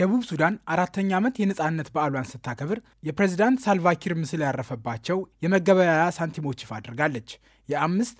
ደቡብ ሱዳን አራተኛ ዓመት የነፃነት በዓሏን ስታከብር የፕሬዝዳንት ሳልቫኪር ምስል ያረፈባቸው የመገበያያ ሳንቲሞች ይፋ አድርጋለች። የአምስት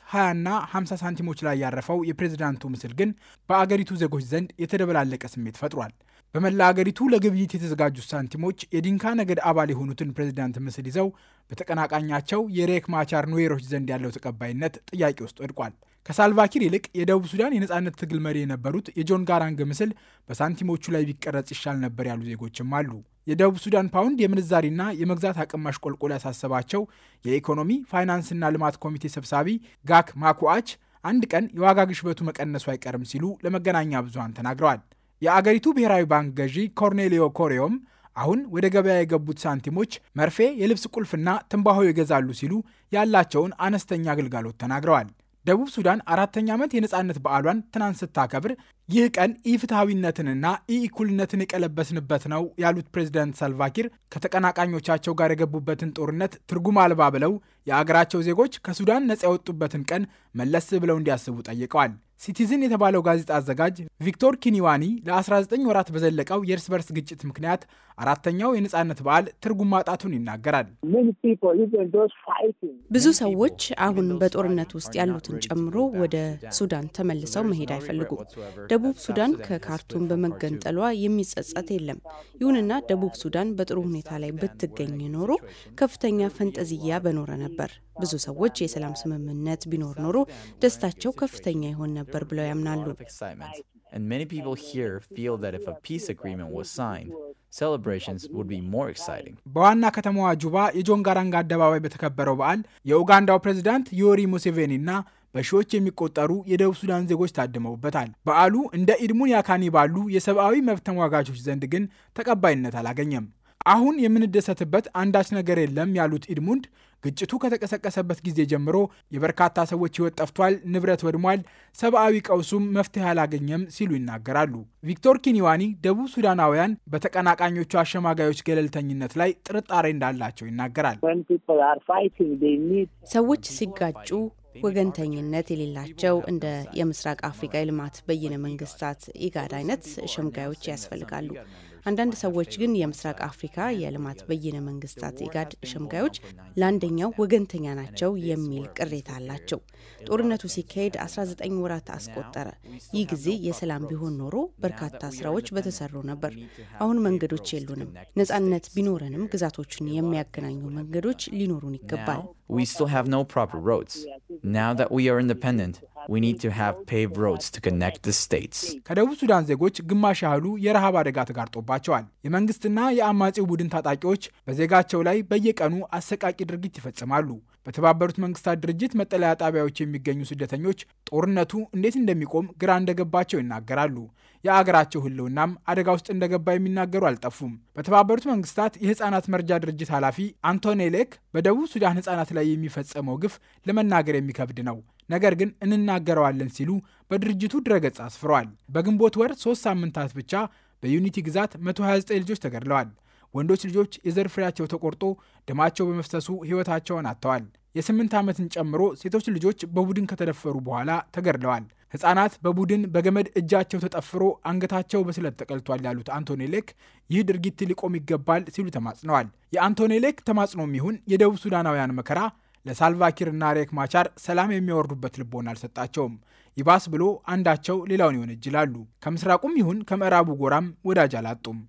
ና 50 ሳንቲሞች ላይ ያረፈው የፕሬዝዳንቱ ምስል ግን በአገሪቱ ዜጎች ዘንድ የተደበላለቀ ስሜት ፈጥሯል። በመላ አገሪቱ ለግብይት የተዘጋጁት ሳንቲሞች የዲንካ ነገድ አባል የሆኑትን ፕሬዝዳንት ምስል ይዘው በተቀናቃኛቸው የሬክ ማቻር ኑዌሮች ዘንድ ያለው ተቀባይነት ጥያቄ ውስጥ ወድቋል። ከሳልቫኪር ይልቅ የደቡብ ሱዳን የነፃነት ትግል መሪ የነበሩት የጆን ጋራንግ ምስል በሳንቲሞቹ ላይ ቢቀረጽ ይሻል ነበር ያሉ ዜጎችም አሉ። የደቡብ ሱዳን ፓውንድ የምንዛሪና የመግዛት አቅም ማሽቆልቆል ያሳሰባቸው የኢኮኖሚ ፋይናንስና ልማት ኮሚቴ ሰብሳቢ ጋክ ማኩአች አንድ ቀን የዋጋ ግሽበቱ መቀነሱ አይቀርም ሲሉ ለመገናኛ ብዙሃን ተናግረዋል። የአገሪቱ ብሔራዊ ባንክ ገዢ ኮርኔሊዮ ኮሬዮም አሁን ወደ ገበያ የገቡት ሳንቲሞች መርፌ፣ የልብስ ቁልፍና ትንባሆ ይገዛሉ ሲሉ ያላቸውን አነስተኛ አገልጋሎት ተናግረዋል። ደቡብ ሱዳን አራተኛ ዓመት የነፃነት በዓሏን ትናንት ስታከብር ይህ ቀን ኢፍትሐዊነትንና ኢእኩልነትን የቀለበስንበት ነው ያሉት ፕሬዚደንት ሳልቫኪር ከተቀናቃኞቻቸው ጋር የገቡበትን ጦርነት ትርጉም አልባ ብለው የአገራቸው ዜጎች ከሱዳን ነፃ የወጡበትን ቀን መለስ ብለው እንዲያስቡ ጠይቀዋል። ሲቲዝን የተባለው ጋዜጣ አዘጋጅ ቪክቶር ኪኒዋኒ ለ19 ወራት በዘለቀው የእርስ በርስ ግጭት ምክንያት አራተኛው የነጻነት በዓል ትርጉም ማጣቱን ይናገራል። ብዙ ሰዎች አሁን በጦርነት ውስጥ ያሉትን ጨምሮ ወደ ሱዳን ተመልሰው መሄድ አይፈልጉም። ደቡብ ሱዳን ከካርቱም በመገንጠሏ የሚጸጸት የለም። ይሁንና ደቡብ ሱዳን በጥሩ ሁኔታ ላይ ብትገኝ ኖሮ ከፍተኛ ፈንጠዝያ በኖረ ነበር። ብዙ ሰዎች የሰላም ስምምነት ቢኖር ኖሮ ደስታቸው ከፍተኛ ይሆን ነበር ብለው ያምናሉ። በዋና ከተማዋ ጁባ የጆንጋራንጋ አደባባይ በተከበረው በዓል የኡጋንዳው ፕሬዚዳንት ዮሪ ሙሴቬኒ እና በሺዎች የሚቆጠሩ የደቡብ ሱዳን ዜጎች ታድመውበታል። በዓሉ እንደ ኢድሙን ያካኒ ባሉ የሰብአዊ መብት ተሟጋቾች ዘንድ ግን ተቀባይነት አላገኘም። አሁን የምንደሰትበት አንዳች ነገር የለም ያሉት ኢድሙንድ ግጭቱ ከተቀሰቀሰበት ጊዜ ጀምሮ የበርካታ ሰዎች ህይወት ጠፍቷል፣ ንብረት ወድሟል፣ ሰብአዊ ቀውሱም መፍትሄ አላገኘም ሲሉ ይናገራሉ። ቪክቶር ኪኒዋኒ ደቡብ ሱዳናውያን በተቀናቃኞቹ አሸማጋዮች ገለልተኝነት ላይ ጥርጣሬ እንዳላቸው ይናገራል። ሰዎች ሲጋጩ ወገንተኝነት የሌላቸው እንደ የምስራቅ አፍሪካ የልማት በይነ መንግስታት ኢጋድ አይነት ሸምጋዮች ያስፈልጋሉ። አንዳንድ ሰዎች ግን የምስራቅ አፍሪካ የልማት በይነ መንግስታት ኢጋድ ሸምጋዮች ለአንደኛው ወገንተኛ ናቸው የሚል ቅሬታ አላቸው። ጦርነቱ ሲካሄድ 19 ወራት አስቆጠረ። ይህ ጊዜ የሰላም ቢሆን ኖሮ በርካታ ስራዎች በተሰሩ ነበር። አሁን መንገዶች የሉንም። ነጻነት ቢኖረንም ግዛቶቹን የሚያገናኙ መንገዶች ሊኖሩን ይገባል። ከደቡብ ሱዳን ዜጎች ግማሽ ያህሉ የረሃብ አደጋ ተጋርጦባቸዋል። የመንግስትና የአማጺው ቡድን ታጣቂዎች በዜጋቸው ላይ በየቀኑ አሰቃቂ ድርጊት ይፈጽማሉ። በተባበሩት መንግስታት ድርጅት መጠለያ ጣቢያዎች የሚገኙ ስደተኞች ጦርነቱ እንዴት እንደሚቆም ግራ እንደገባቸው ይናገራሉ። የአገራቸው ህልውናም አደጋ ውስጥ እንደገባ የሚናገሩ አልጠፉም። በተባበሩት መንግስታት የህፃናት መርጃ ድርጅት ኃላፊ አንቶኔ ሌክ በደቡብ ሱዳን ህጻናት ላይ የሚፈጸመው ግፍ ለመናገር የሚከብድ ነው። ነገር ግን እንናገረዋለን ሲሉ በድርጅቱ ድረገጽ አስፍረዋል። በግንቦት ወር ሶስት ሳምንታት ብቻ በዩኒቲ ግዛት 129 ልጆች ተገድለዋል። ወንዶች ልጆች የዘር ፍሬያቸው ተቆርጦ ደማቸው በመፍሰሱ ሕይወታቸውን አጥተዋል። የስምንት ዓመትን ጨምሮ ሴቶች ልጆች በቡድን ከተደፈሩ በኋላ ተገድለዋል። ሕፃናት በቡድን በገመድ እጃቸው ተጠፍሮ አንገታቸው በስለት ተቀልቷል ያሉት አንቶኒ ሌክ ይህ ድርጊት ሊቆም ይገባል ሲሉ ተማጽነዋል። የአንቶኒ ሌክ ተማጽኖም ይሁን የደቡብ ሱዳናውያን መከራ ለሳልቫኪር እና ሬክ ማቻር ሰላም የሚያወርዱበት ልቦና አልሰጣቸውም። ይባስ ብሎ አንዳቸው ሌላውን ይወነጅላሉ። ከምስራቁም ይሁን ከምዕራቡ ጎራም ወዳጅ አላጡም።